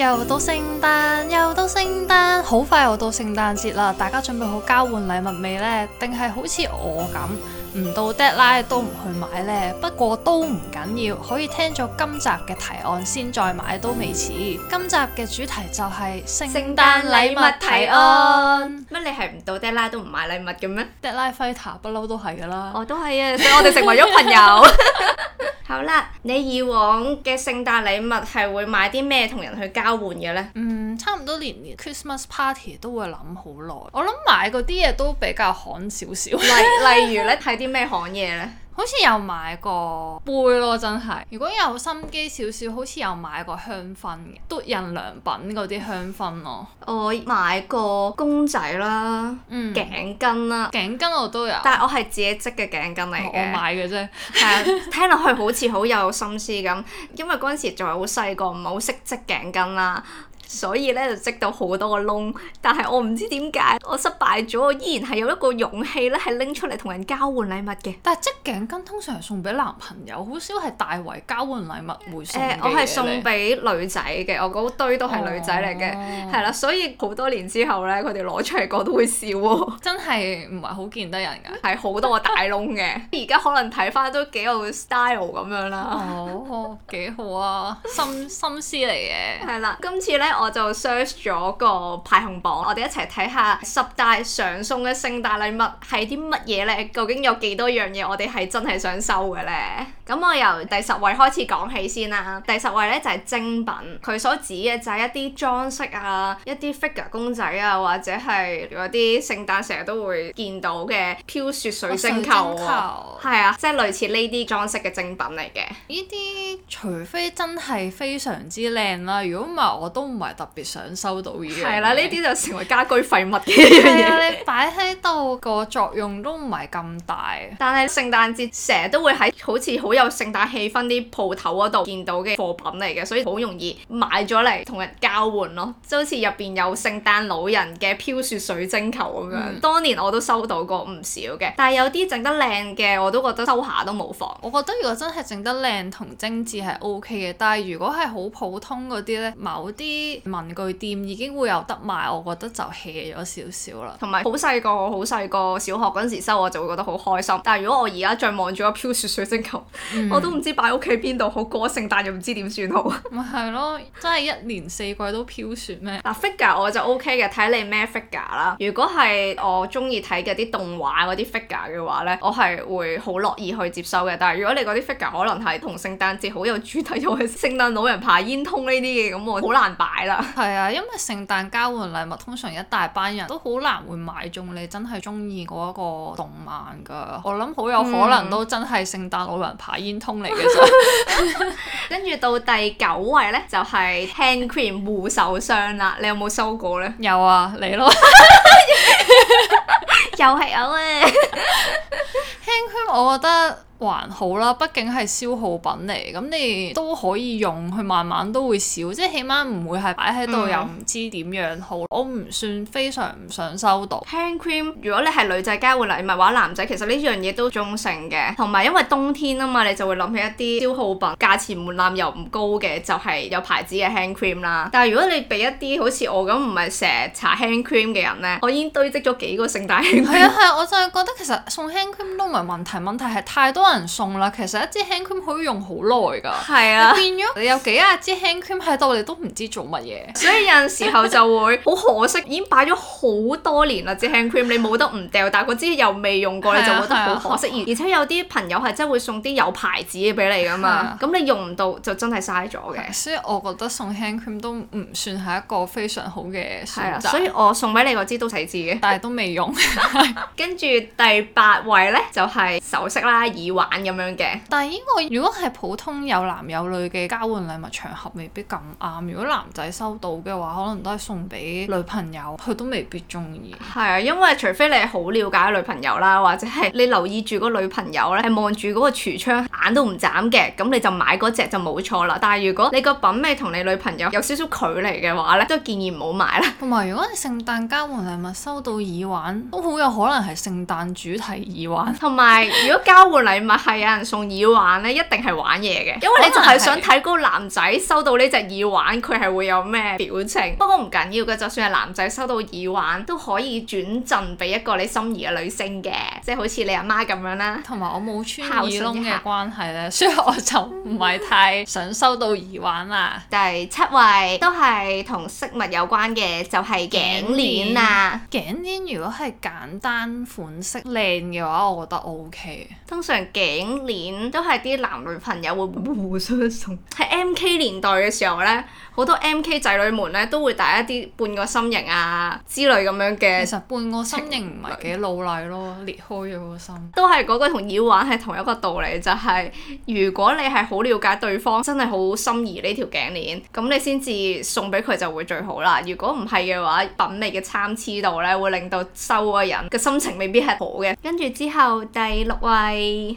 又到聖誕，又到聖誕，好快又到聖誕節啦！大家準備好交換禮物未呢？定係好似我咁，唔到 deadline 都唔去買呢，不過都唔緊要，可以聽咗今集嘅提案先再買都未遲。今集嘅主題就係聖誕禮物提案。乜你係唔到 deadline 都唔買禮物嘅咩？Deadline fighter 不嬲都係噶啦。哦、都我都係啊，我哋成為咗朋友。 好啦，你以往嘅聖誕禮物係會買啲咩同人去交換嘅呢？嗯，差唔多年年 Christmas party 都會諗好耐。我諗買嗰啲嘢都比較慳少少。例例如咧係。 啲咩行嘢呢？好似有買過杯咯，真係。如果有心機少少，好似有買過香薰嘅，無印良品嗰啲香薰咯。我買過公仔啦，頸、嗯、巾啦，頸巾我都有。但係我係自己織嘅頸巾嚟我買嘅啫。係啊，聽落去好似好有心思咁，因為嗰陣時仲係好細個，唔係好識織頸巾啦。所以咧就織到好多個窿，但係我唔知點解我失敗咗，我依然係有一個勇氣咧，係拎出嚟同人交換禮物嘅。但係即係頸巾通常係送俾男朋友，好少係大圍交換禮物回送嘅、呃。我係送俾女仔嘅，我嗰堆都係女仔嚟嘅，係啦、哦。所以好多年之後咧，佢哋攞出嚟個個都會笑喎，真係唔係好見得人㗎，係好 多個大窿嘅。而家可能睇翻都幾好 style 咁樣啦。哦，幾好啊， 心心思嚟嘅。係啦， 今次咧。我就 search 咗個排行榜，我哋一齊睇下十大想送嘅聖誕禮物係啲乜嘢呢？究竟有幾多樣嘢我哋係真係想收嘅呢？咁我由第十位開始講起先啦。第十位呢就係、是、精品，佢所指嘅就係一啲裝飾啊，一啲 figure 公仔啊，或者係嗰啲聖誕成日都會見到嘅飄雪水晶，啊哦、水晶球喎。係啊，即係類似呢啲裝飾嘅精品嚟嘅。呢啲些除非真係非常之靚啦，如果唔係我都唔係。特別想收到依樣，係啦，呢啲 就成為家居廢物嘅嘢。係啊， 你擺喺度個作用都唔係咁大。但係聖誕節成日都會喺好似好有聖誕氣氛啲鋪頭嗰度見到嘅貨品嚟嘅，所以好容易買咗嚟同人交換咯。即好似入邊有聖誕老人嘅飄雪水晶球咁樣，嗯、當年我都收到過唔少嘅。但係有啲整得靚嘅，我都覺得收下都冇妨。我覺得如果真係整得靚同精緻係 OK 嘅，但係如果係好普通嗰啲呢，某啲。文具店已經會有得賣，我覺得就 hea 咗少少啦。同埋好細個，我好細個小學嗰陣時收我就會覺得好開心。但係如果我而家再望住個飄雪水晶球，嗯、我都唔知擺屋企邊度好，過聖誕又唔知點算好。咪係咯，真係一年四季都飄雪咩？啊、嗱，figure 我就 OK 嘅，睇你咩 figure 啦。如果係我中意睇嘅啲動畫嗰啲 figure 嘅話呢，我係會好樂意去接收嘅。但係如果你嗰啲 figure 可能係同聖誕節好有主題，又係聖誕老人排煙通呢啲嘅咁，我好難擺。係啦，係 啊，因為聖誕交換禮物通常一大班人都好難會買中你真係中意嗰一個動漫噶，我諗好有可能都真係聖誕老人排煙通嚟嘅啫。跟住、嗯、 到第九位呢，就係 hand cream 護手霜啦。你有冇收過呢？有啊，你咯，又係我咧。hand cream 我覺得。還好啦，畢竟係消耗品嚟，咁你都可以用，佢慢慢都會少，即係起碼唔會係擺喺度又唔知點樣好，我唔算非常唔想收到。Hand cream，如果你係女仔交換禮物話，或者男仔其實呢樣嘢都中性嘅，同埋因為冬天啊嘛，你就會諗起一啲消耗品，價錢門檻又唔高嘅，就係、是、有牌子嘅 hand cream 啦。但係如果你俾一啲好似我咁唔係成日搽 hand cream 嘅人呢，我已經堆積咗幾個聖誕係 啊係啊，我就係覺得其實送 hand cream 都唔係問題，問題係太多人送啦，其實一支 hand cream 可以用好耐㗎，係啊，變咗你有幾啊支 hand cream 喺度，我哋都唔知做乜嘢，所以有時候就會好可惜， 已經擺咗好多年啦支 hand cream，你冇得唔掉，但係嗰支又未用過， 你就覺得好可惜。 而且有啲朋友係真係會送啲有牌子嘅俾你㗎嘛，咁 你用唔到就真係嘥咗嘅。所以我覺得送 hand cream 都唔算係一個非常好嘅選擇，啊。所以我送俾你嗰支都使知嘅， 但係都未用。 跟住第八位呢，就係，係，首飾啦，耳玩咁樣嘅，但係應該如果係普通有男有女嘅交換禮物場合，未必咁啱。如果男仔收到嘅話，可能都係送俾女朋友，佢都未必鍾意。係啊，因為除非你係好了解女朋友啦，或者係你留意住個女朋友咧，係望住嗰個櫥窗，眼都唔眨嘅，咁你就買嗰隻就冇錯啦。但係如果你個品味同你女朋友有少少距離嘅話咧，都建議唔好買啦。同埋，如果你聖誕交換禮物收到耳環，都好有可能係聖誕主題耳環。同埋，如果交換禮物。 咪係有人送耳環咧，一定係玩嘢嘅，因為你就係想睇嗰個男仔收到呢隻耳環，佢係會有咩表情。不過唔緊要嘅，就算係男仔收到耳環都可以轉贈俾一個你心儀嘅女性嘅，即係好似你阿媽咁樣啦。同埋我冇穿耳窿嘅關係咧，所以我就唔係太想收到耳環啦。 第七位都係同飾物有關嘅，就係、係、頸鏈啊。頸鏈如果係簡單款式靚嘅話，我覺得 OK。通常。頸鏈都係啲男女朋友會互相送。喺 MK 年代嘅時候呢，好多 MK 仔女們呢都會戴一啲半個心形啊之類咁樣嘅。其實半個心形唔係幾老利咯，裂開咗個心。都係嗰個同耳環係同一個道理，就係、係、如果你係好了解對方，真係好心儀呢條頸鏈，咁你先至送俾佢就會最好啦。如果唔係嘅話，品味嘅參差度呢會令到收嗰人嘅心情未必係好嘅。跟住之後第六位。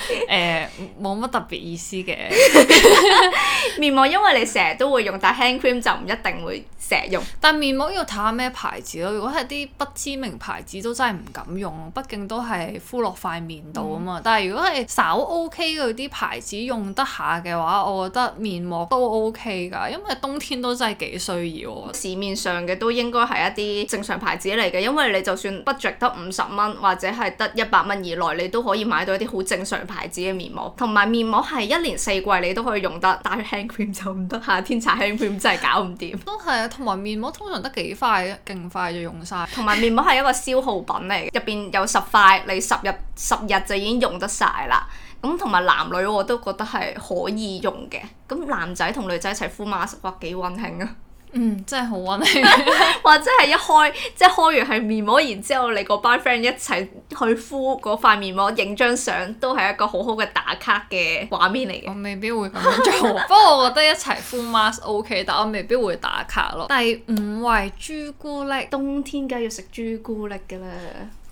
誒，冇乜、 呃、特別意思嘅 面膜，因為你成日都會用，但 hand cream 就唔一定會成日用。但面膜要睇下咩牌子咯，如果係啲不知名牌子都真係唔敢用，畢竟都係敷落塊面度啊嘛。嗯、但係如果係稍 OK 嗰啲牌子用得下嘅話，我覺得面膜都 OK 噶，因為冬天都真係幾需要。市面上嘅都應該係一啲正常牌子嚟嘅，因為你就算 budget 得五十蚊或者係得一百蚊以內，你都可以買到一啲好正常。牌子嘅面膜，同埋面膜係一年四季你都可以用得，但係 hand cream 就唔得，夏天搽 hand cream 真係搞唔掂。 都係啊，同埋面膜通常得幾快嘅，勁快就用晒。同埋面膜係一個消耗品嚟，入邊有十塊，你十日十日就已經用得晒啦。咁同埋男女我都覺得係可以用嘅。咁男仔同女仔一齊敷 mask，哇，幾溫馨啊！嗯，真係好温馨， 或者係一開，即係開完係面膜，然之後你嗰班 friend 一齊去敷嗰塊面膜，影張相都係一個好好嘅打卡嘅畫面嚟嘅。我未必會咁樣做，不過 我覺得一齊敷 mask O K，但我未必會打卡咯。第五位朱古力，冬天梗係要食朱古力嘅啦。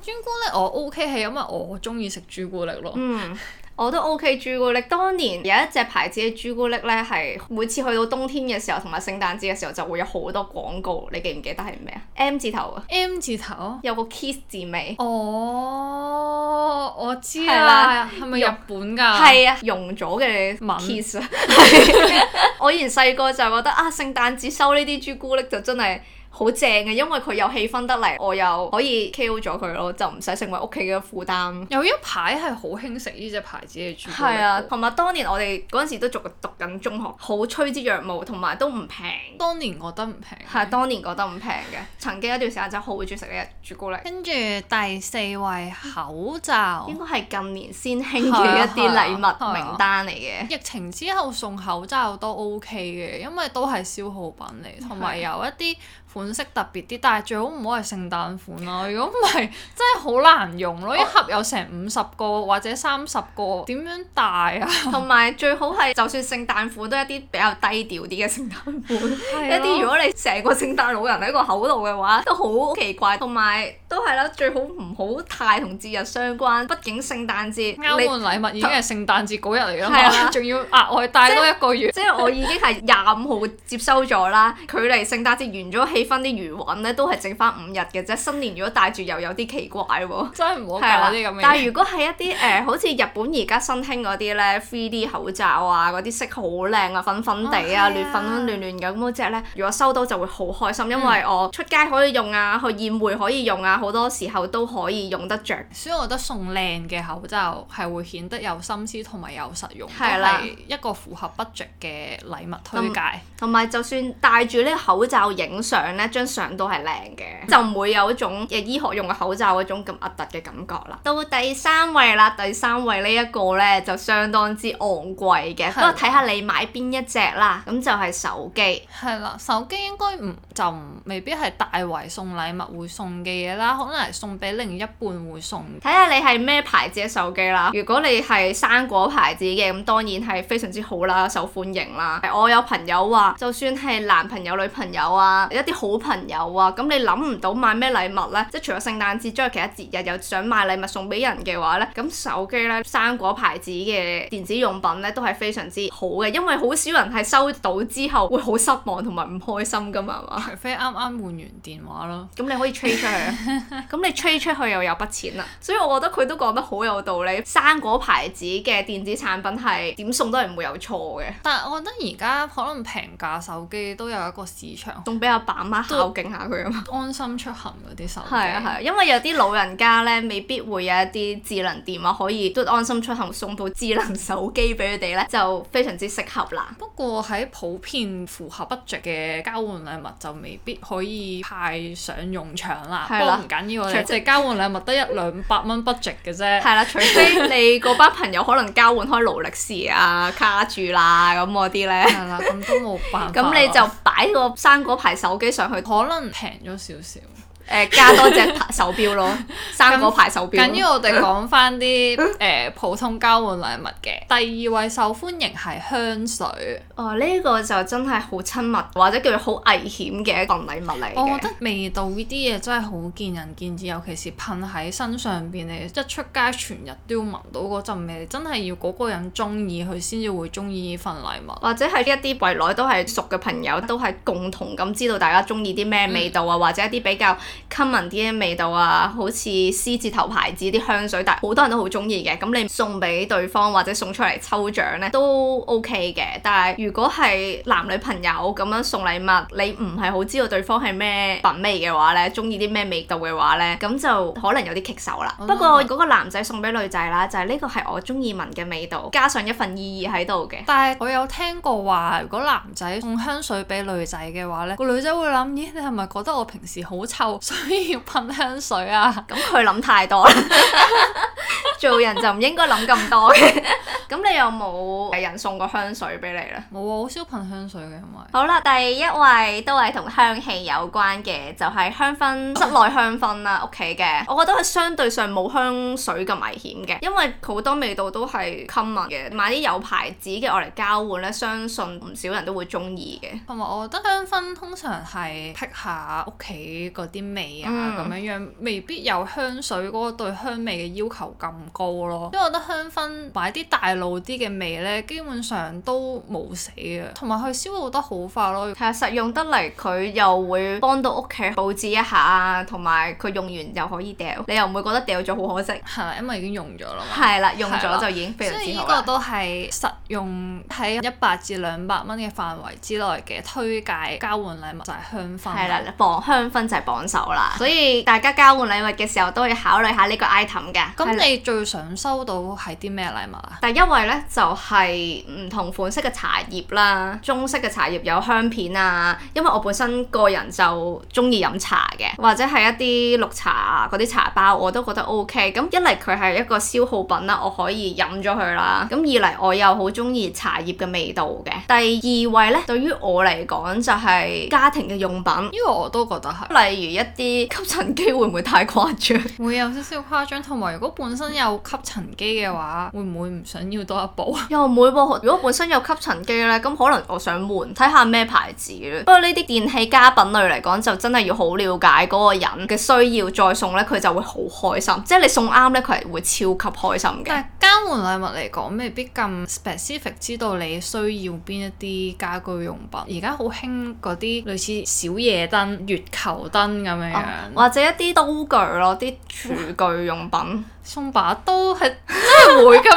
朱古力我 O K 係因為我中意食朱古力咯。嗯我都 OK 朱古力，當年有一隻牌子嘅朱古力咧，係每次去到冬天嘅時候同埋聖誕節嘅時候就會有好多廣告，你記唔記得係咩啊？M 字頭啊，M 字頭有個 kiss 字尾。哦，oh，我知啦，係咪日本㗎？係啊，溶咗嘅 Kiss 啊文，我以前細個就覺得啊，聖誕節收呢啲朱古力就真係～好正嘅，因為佢有氣氛得嚟，我又可以 kill 咗佢咯，就唔使成為屋企嘅負擔。有一排係好興食呢隻牌子嘅朱古力，係啊，同埋當年我哋嗰陣時都仲讀緊中學，好趨之若鶩，同埋都唔平、啊。當年我覺得唔平？係當年我覺得唔平嘅，曾經一段時間就好好中意食呢隻朱古力。跟住第四位口罩， 應該係近年先興嘅一啲禮物名單嚟嘅。啊啊啊、疫情之後送口罩都 OK 嘅，因為都係消耗品嚟，同埋、啊、有，有一啲。款式特別啲，但係最好唔好係聖誕款咯、啊。如果唔係，真係好難用咯、啊。哦、一盒有成五十個或者三十個，點樣大啊？同埋最好係，就算聖誕款都係一啲比較低調啲嘅聖誕款。對咯 一啲如果你成個聖誕老人喺個口度嘅話，都好奇怪。同埋都係啦，最好唔好太同節日相關。畢竟聖誕節交你換禮物已經係聖誕節嗰日嚟㗎嘛。仲你、啊、要額外帶即多一個月。即係我已經係廿五號接收咗啦， 距離聖誕節完咗俾翻啲餘韻咧，都係剩翻五日嘅啫。新年如果戴住又有啲奇怪喎、啊，真係唔好搞啲咁嘅。但係如果係一啲誒，好、呃、似 日本而家新興嗰啲咧 3D 口罩啊，嗰啲色好靚啊，粉粉地啊，亂、啊啊、粉粉亂亂咁嗰隻咧，如果收到就會好開心，嗯、因為我出街可以用啊，去宴會可以用啊，好多時候都可以用得着。所以我覺得送靚嘅口罩係會顯得有心思同埋有實用，啦都係一個符合 budget 嘅禮物推介。同埋、嗯、就算戴住呢個口罩影相。咧張相都係靚嘅， 就唔會有一種嘅 醫學用嘅口罩嗰種咁核突嘅感覺啦。到第三位啦，第三位呢一個呢，就相當之昂貴嘅，不過睇下你買邊一隻啦，咁就係手機。係啦，手機應該唔就未必係大圍送禮物會送嘅嘢啦，可能係送俾另一半會送。睇下你係咩牌子嘅手機啦。如果你係生果牌子嘅，咁當然係非常之好啦，受歡迎啦。我有朋友話，就算係男朋友女朋友啊，一啲。好朋友啊，咁你諗唔到買咩禮物呢？即係除咗聖誕節之外，其他節日又想買禮物送俾人嘅話呢，咁手機呢、生果牌子嘅電子用品呢，都係非常之好嘅，因為好少人係收到之後會好失望同埋唔開心噶嘛，係咪？除非啱啱換完電話咯，咁你可以 trade 出去，咁 你 trade 出去又有筆錢啦。所以我覺得佢都講得好有道理，生果牌子嘅電子產品係點送都係唔會有錯嘅。但係我覺得而家可能平價手機都有一個市場，仲比較飽。乜孝敬下佢啊嘛，安心出行嗰啲 手機係啊係啊，因為有啲老人家咧未必會有一啲智能電話可以都安心出行，送部智能手機俾佢哋咧，就非常之適合啦。不過喺普遍符合 budget 嘅交換禮物就未必可以派上用場啦。啊、不過唔緊要，除非 我哋即係交換禮物得一兩百蚊 budget 嘅啫。係啦、啊，除非你嗰班朋友可能交換開勞力士啊、卡住啦咁嗰啲咧。係啦，咁、啊、都冇辦法。咁你就擺個生果牌手機上去，可能平咗少少。呃、加多隻手錶咯， 三個牌手錶。緊要、嗯、我哋講翻啲誒普通交換禮物嘅。 第二位受歡迎係香水。啊、哦，呢、呢個就真係好親密，或者叫做好危險嘅一個禮物嚟。我覺得味道呢啲嘢真係好見仁見智，尤其是噴喺身上邊，你一出街全日都要聞到嗰陣味，真係要嗰個人中意佢先至會中意呢份禮物，或者係一啲未來都係熟嘅朋友，都係共同咁知道大家中意啲咩味道啊，嗯、或者一啲比較。聞啲咩味道啊？好似獅子頭牌子啲香水，但係好多人都好中意嘅。咁你送俾對方或者送出嚟抽獎呢都 OK 嘅。但係如果係男女朋友咁樣送禮物，你唔係好知道對方係咩品味嘅話呢，中意啲咩味道嘅話呢，咁就可能有啲棘手啦。 不過嗰、那個男仔送俾女仔啦，就係、是、呢個係我中意聞嘅味道，加上一份意義喺度嘅。但係我有聽過話，如果男仔送香水俾女仔嘅話呢，那個女仔會諗：咦、欸，你係咪覺得我平時好臭？所以要噴香水啊！咁佢諗太多啦。 做人就唔應該諗咁多嘅，咁你有冇人送過香水俾你呢？冇啊，好少噴香水嘅，係咪？好啦，第一位都係同香氣有關嘅，就係、是、香薰室內香薰啦，屋企嘅，我覺得係相對上冇香水咁危險嘅，因為好多味道都係襟聞嘅，買啲有牌子嘅我嚟交換呢，相信唔少人都會中意嘅。同埋我覺得香薰通常係辟下屋企嗰啲味啊、嗯，咁樣樣未必有香水嗰個對香味嘅要求咁。高咯，因為我覺得香薰擺啲大路啲嘅味呢，基本上都冇死嘅，同埋佢消耗得好快咯。其實實用得嚟，佢又會幫到屋企佈置一下，同埋佢用完又可以掉，你又唔會覺得掉咗好可惜。係啊，因為已經用咗啦。係啦，用咗就已經非常之好啦。所以呢個都係實用喺一百至兩百蚊嘅範圍之內嘅推介交換禮物就係、是、香薰，係啦，放香薰就係榜首啦。所以大家交換禮物嘅時候都可以考慮下呢個 item 嘅。咁的你最最想收到係啲咩禮物啊？第一位呢，就係、是、唔同款式嘅茶葉啦，中式嘅茶葉有香片啊。因為我本身個人就中意飲茶嘅，或者係一啲綠茶嗰、啊、啲茶包我都覺得 O K。咁一嚟佢係一個消耗品啦，我可以飲咗佢啦。咁二嚟我又好中意茶葉嘅味道嘅。第二位呢，對於我嚟講就係家庭嘅用品，因為我都覺得係，例如一啲吸塵機會唔會太誇張？ 會有少少誇張，同埋如果本身有。有吸塵機嘅話，會唔會唔想要多一部？ 又唔會、啊、如果本身有吸塵機呢，咁可能我想換，睇下咩牌子。不過呢啲電器家品類嚟講，就真係要好了解嗰個人嘅需要，再送呢，佢就會好開心。即係你送啱呢，佢係會超級開心嘅。但係交換禮物嚟講，未必咁 specific，知道你需要邊一啲家居用品。而家好興嗰啲類似小夜燈、月球燈咁樣樣，oh, 或者一啲刀具咯，啲廚具用品。 送把都係真係會嘅咩？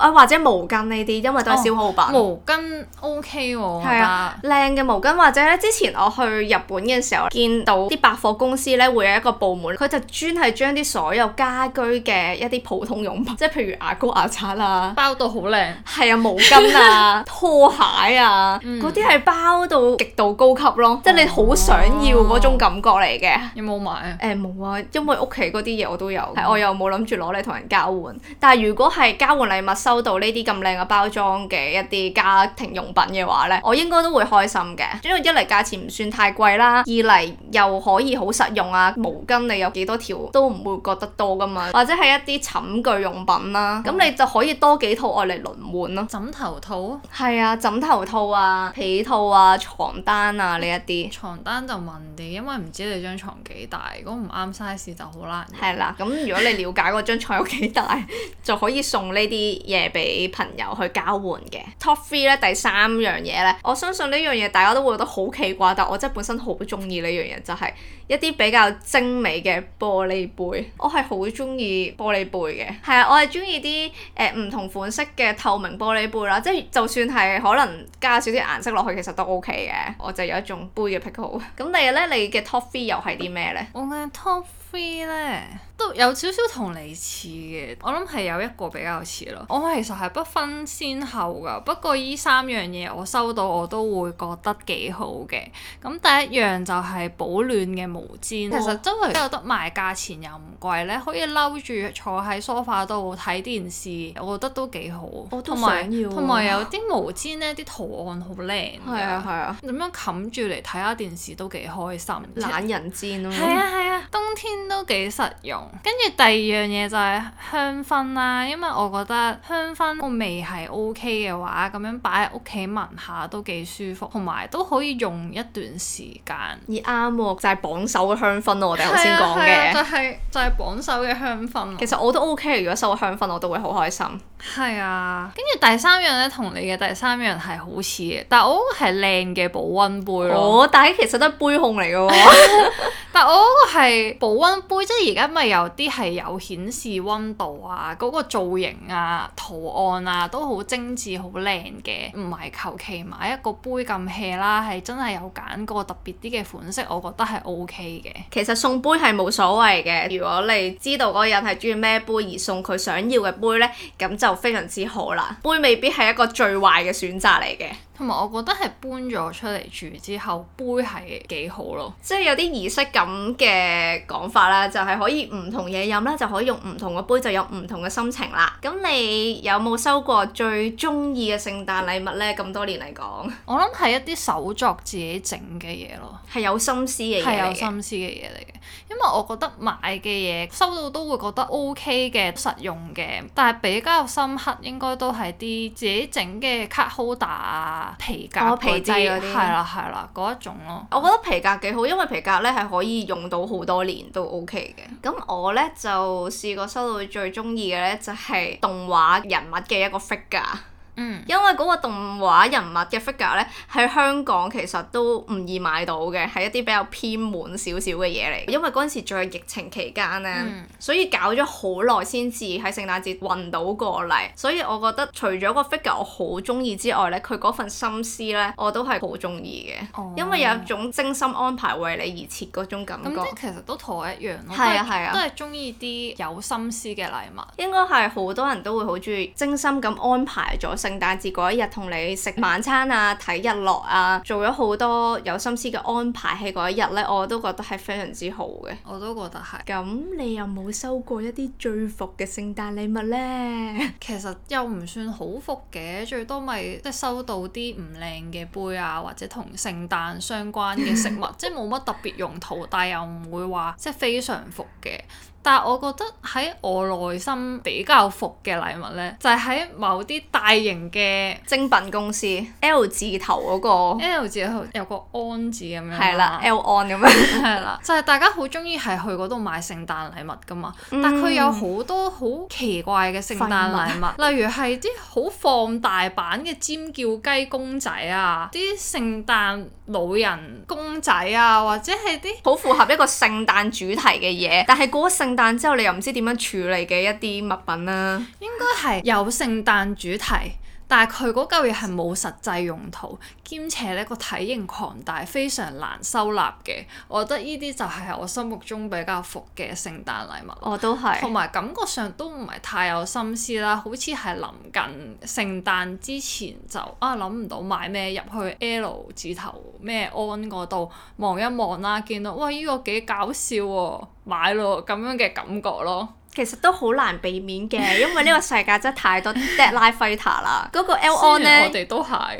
啊，或者毛巾呢啲，因為都係消耗品。毛巾 OK 喎，係啊，靚嘅毛巾或者咧，之前我去日本嘅時候見到啲百貨公司咧，會有一個部門，佢就專係將啲所有家居嘅一啲普通用品，即係譬如牙膏牙刷啊，包到好靚。係啊，毛巾啊，拖鞋啊，嗰啲係包到極度高級咯，即係你好想要嗰種感覺嚟嘅。有冇買啊？誒，冇啊，因為屋企嗰啲嘢我都有，我又冇諗住攞。我哋同人交換，但係如果係交換禮物收到呢啲咁靚嘅包裝嘅一啲家庭用品嘅話呢，我應該都會開心嘅。因為一嚟價錢唔算太貴啦，二嚟又可以好實用啊。毛巾你有幾多條都唔會覺得多㗎嘛，或者係一啲寢具用品啦，咁你就可以多幾套愛嚟輪換咯。枕頭套？係啊，枕頭套啊、被套啊、床單啊呢一啲。床單就問你，因為唔知你張床幾大，如果唔啱 size 就好難。係啦、啊，咁如果你了解嗰張 有幾大 就可以送呢啲嘢俾朋友去交換嘅。Top three 咧，第三樣嘢咧，我相信呢樣嘢大家都會覺得好奇怪，但我真係本身好中意呢樣嘢，就係一啲比較精美嘅玻璃杯。我係好中意玻璃杯嘅，係啊，我係中意啲誒唔同款式嘅透明玻璃杯啦，即係就算係可能加少啲顏色落去，其實都 OK 嘅。我就有一種杯嘅癖好。c 第日咧，咁你咧，你嘅 top three 又係啲咩呢？我嘅 top three 咧。都有少少同你似嘅，我諗係有一個比較似咯。我其實係不分先後㗎，不過依三樣嘢我收到我都會覺得幾好嘅。咁第一樣就係保暖嘅毛氈，哦、其實周圍都有得賣，價錢又唔貴呢，可以攬住坐喺梳化度睇電視，我覺得都幾好。我都想要。同埋有啲毛氈呢啲圖案好靚嘅。係啊係啊，點、啊、樣冚住嚟睇下電視都幾開心。懶人氈咯。係啊係啊，冬天都幾實用。跟住第二樣嘢就係香薰啦，因為我覺得香薰個味係 O K 嘅話，咁樣擺喺屋企聞下都幾舒服，同埋都可以用一段時間。而啱喎，就係榜首嘅香薰咯，我哋頭先講嘅就係，係，就係榜首嘅香薰。其實我都 O K，如果收到香薰我都會好開心。係啊，跟住第三樣咧，同你嘅第三樣係好似嘅，但係我嗰個係靚嘅保温杯咯。哦，但係其實都係杯控嚟嘅喎， 但係我嗰個係保温杯，即係而家咪有。有啲係有顯示温度啊，嗰個造型啊、圖案啊都好精緻、好靚嘅，唔係求其買一個杯咁 hea 啦，係真係有揀個特別啲嘅款式，我覺得係 OK 嘅。其實送杯係冇所謂嘅，如果你知道嗰人係中意咩杯而送佢想要嘅杯呢，咁就非常之好啦。杯未必係一個最壞嘅選擇嚟嘅。同埋，我覺得係搬咗出嚟住之後，杯係幾好咯，即係有啲儀式感嘅講法啦，就係、是、可以唔同嘢飲啦，就可以用唔同嘅杯，就有唔同嘅心情啦。咁你有冇收過最中意嘅聖誕禮物呢？咁好多年嚟講，我諗係一啲手作自己整嘅嘢咯，係有心思嘅嘢，係有心思嘅嘢嚟嘅。因為我覺得買嘅嘢收到都會覺得 OK 嘅實用嘅，但係比較深刻應該都係啲自己整嘅 cup holder 啊。皮革，oh, 皮革，係啦係啦，嗰一種咯。我覺得皮革幾好，因為皮革呢係可以用到好多年都 OK 嘅。咁我呢就試過收到最鍾意嘅呢，就係動畫人物嘅一個 figure。嗯，因為嗰個動畫人物嘅 figure 咧，喺香港其實都唔易買到嘅，係一啲比較偏門少少嘅嘢嚟。因為嗰陣時仲係疫情期間咧，嗯、所以搞咗好耐先至喺聖誕節運到過嚟。所以我覺得除咗個 figure 我好中意之外咧，佢嗰份心思咧，我都係好中意嘅，哦、因為有一種精心安排為你而設嗰種感覺。哦、其實都同我一樣咯，係啊，係啊，都係中意啲有心思嘅禮物。應該係好多人都會好中意精心咁安排咗。聖誕節嗰一日同你食晚餐啊、睇日落啊，做咗好多有心思嘅安排喺嗰一日呢，我都覺得係非常之好嘅，我都覺得係。咁你有冇收過一啲最伏嘅聖誕禮物呢？其實又唔算好伏嘅，最多咪即係收到啲唔靚嘅杯啊，或者同聖誕相關嘅食物， 即係冇乜特別用途，但又唔會話即係非常伏嘅。但係我覺得喺我內心比較服嘅禮物咧，就係、是、喺某啲大型嘅精品公司 L 字頭嗰、那個，L 字頭有個安字咁樣係啦，L 安咁樣係啦，就係、是、大家好中意係去嗰度買聖誕禮物㗎嘛。但係佢有好多好奇怪嘅聖誕禮物，嗯、例如係啲好放大版嘅尖叫雞公仔啊，啲聖誕老人公仔啊，或者係啲好符合一個聖誕主題嘅嘢，但係嗰個聖但之後你又唔知點樣處理嘅一啲物品啦，啊，應該係有聖誕主題。但係佢嗰嚿嘢係冇實際用途，兼且咧個體型龐大，非常難收納嘅。我覺得呢啲就係我心目中比較服嘅聖誕禮物。我都係。同埋感覺上都唔係太有心思啦，好似係臨近聖誕之前就啊諗唔到買咩入去 L 字頭咩安嗰度望一望啦，見到哇依個幾搞笑喎，啊，買咯咁樣嘅感覺咯。其實都好難避免嘅， 因為呢個世界真係太多 deadline fighter 啦。嗰 個 L on 咧，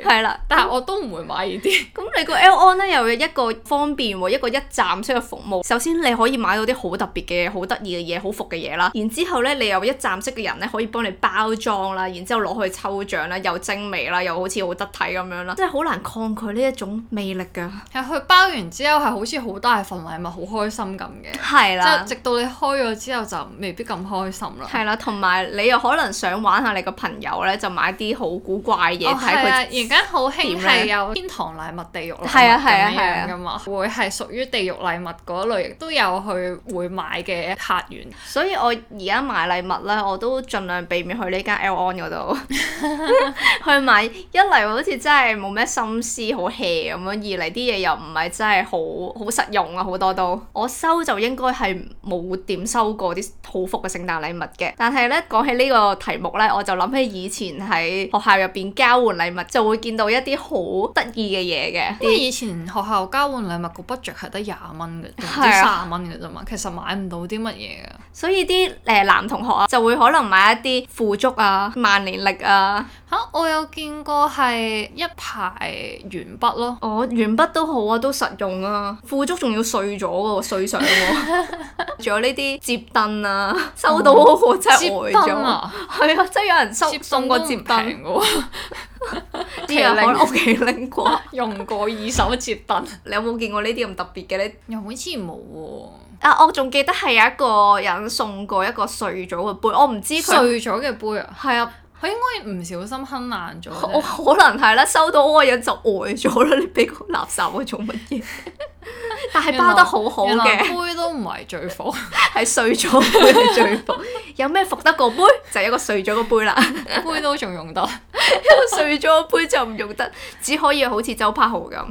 係啦，了但係我都唔會買、 on、呢啲。咁你個 L on 咧又一個方便喎，一個一站式嘅服務。首先你可以買到啲好特別嘅、好得意嘅嘢、好服嘅嘢啦。然之後咧，你有一站式嘅人咧可以幫你包裝啦，然之後攞去抽獎啦，又精美啦，又好似好得體咁樣啦。真係好難抗拒呢一種魅力㗎。係佢包完之後係好似好大份禮物，好開心咁嘅。係啦的，即係直到你開咗之後就未必。咁開心啦！係啦、啊，同埋你又可能想玩下你個朋友咧，就買啲好古怪嘢睇佢。而家好興係有天堂禮物、地獄禮物咁啊，噶嘛，會係屬於地獄禮物嗰類，都有去會買嘅客源。所以我而家買禮物咧，我都盡量避免去呢間 Log-On 嗰度去買。一嚟好似真係冇咩心思好 hea 咁樣，二嚟啲嘢又唔係真係好好實用啊，好多都。我收就應該係冇點收過啲好。個聖誕禮物嘅，但係咧講起呢個題目咧，我就諗起以前喺學校入邊交換禮物，就會見到一啲好得意嘅嘢嘅。因為以前學校交換禮物個 budget 係得廿蚊嘅，唔知卅蚊嘅啫嘛，是啊、其實買唔到啲乜嘢嘅。所以啲誒男同學啊，就會可能買一啲腐竹啊、萬年曆啊。吓、啊，我有見過係一排鉛筆咯。哦，鉛筆都好啊，都實用啊。腐竹仲要碎咗嘅，碎上。仲 有呢啲折凳啊。收到喎，哦、真係外咗，係啊，啊，真係有人收接送過折凳嘅喎，啲人攞嚟屋企拎過， 林 用過二手折凳。你有冇見過呢啲咁特別嘅呢？又好似冇喎。啊，我仲記得係有一個人送過一個碎咗嘅杯，我唔知佢碎咗嘅杯啊，係啊。我應該唔小心哼爛咗。我可能係啦，收到嗰個人就呆咗啦。你俾個垃圾我做乜嘢？ 但係包得好好嘅杯都唔係最服，係碎咗杯最服。 有咩服得個杯？就係、一個碎咗個杯啦。杯都仲用得，因為碎咗個杯就唔用得，只可以好似周柏豪咁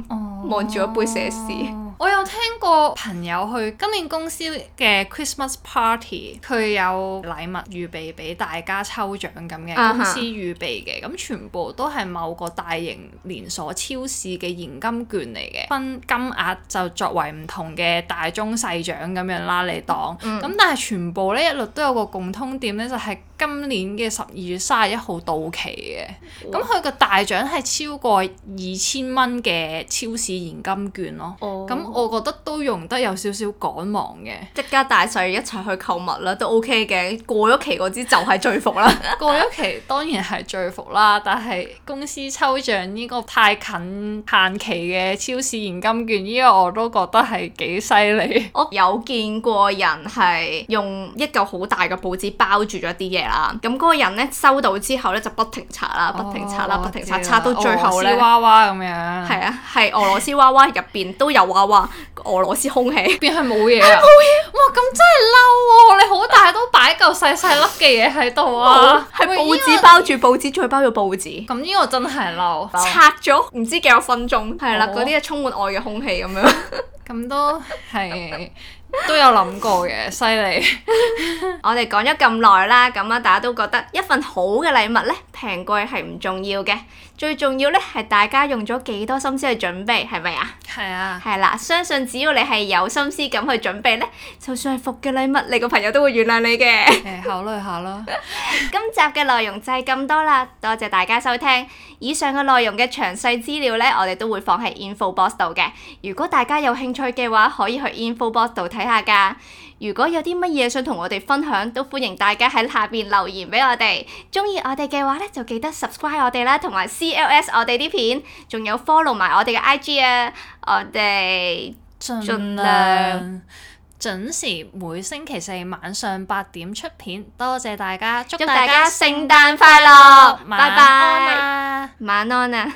望住個杯寫詩，哦。我有聽過朋友去今年公司嘅 Christmas party，佢有禮物預備俾大家抽獎咁嘅公司預備嘅，咁、uh huh. 全部都係某個大型連鎖超市嘅現金券嚟嘅，分金額就作為唔同嘅大中細獎咁樣拉你擋，咁、mm hmm. 但係全部呢，一律都有個共通點呢，就係今年嘅十二月三十一號到期嘅，咁佢個大獎係超過二千蚊嘅超市現金券咯，咁、oh. 咁。Oh. 我覺得都用得有少少趕忙嘅，即刻一家大細一齊去購物啦，都 OK 嘅。過咗期嗰支就係最服啦。 過咗期當然係最服啦，但係公司抽獎呢個太近限期嘅超市現金券，呢、呢個我都覺得係幾犀利。我有見過人係用一嚿好大嘅報紙包住咗啲嘢啦。咁嗰個人呢收到之後呢，就不停拆啦，不停拆啦，哦、不停拆，拆到最後呢，娃娃咁樣。係啊，係俄羅斯娃娃入邊、啊、都有娃娃。 俄羅斯空氣邊係冇嘢，冇嘢哇！咁真係嬲喎，你好大都擺嚿細細粒嘅嘢喺度啊，係報紙包住報紙再包住報紙，咁呢個真係嬲，拆咗唔知幾多分鐘，係啦，嗰啲係充滿愛嘅空氣咁樣，咁都係都有諗過嘅，犀利。我哋講咗咁耐啦，咁啊，大家都覺得一份好嘅禮物呢，平貴係唔重要嘅。最重要咧，係大家用咗幾多心思去準備，係咪啊？係啊。係啦，相信只要你係有心思咁去準備咧，就算係伏嘅禮物，你個朋友都會原諒你嘅。欸。考慮下咯。 今集嘅內容就係咁多啦，多謝大家收聽。以上嘅內容嘅詳細資料咧，我哋都會放喺 InfoBox 度嘅。如果大家有興趣嘅話，可以去 InfoBox 度睇下噶。如果有啲乜嘢想同我哋分享，都歡迎大家喺下邊留言俾我哋。鍾意我哋嘅話咧，就記得 subscribe 我哋啦，同埋 CLS 我哋啲片，仲有 follow 埋我哋嘅 IG 啊！我哋盡量準時每星期四晚上八點出片。多謝大家，祝大家聖誕快樂，拜拜，晚安啊！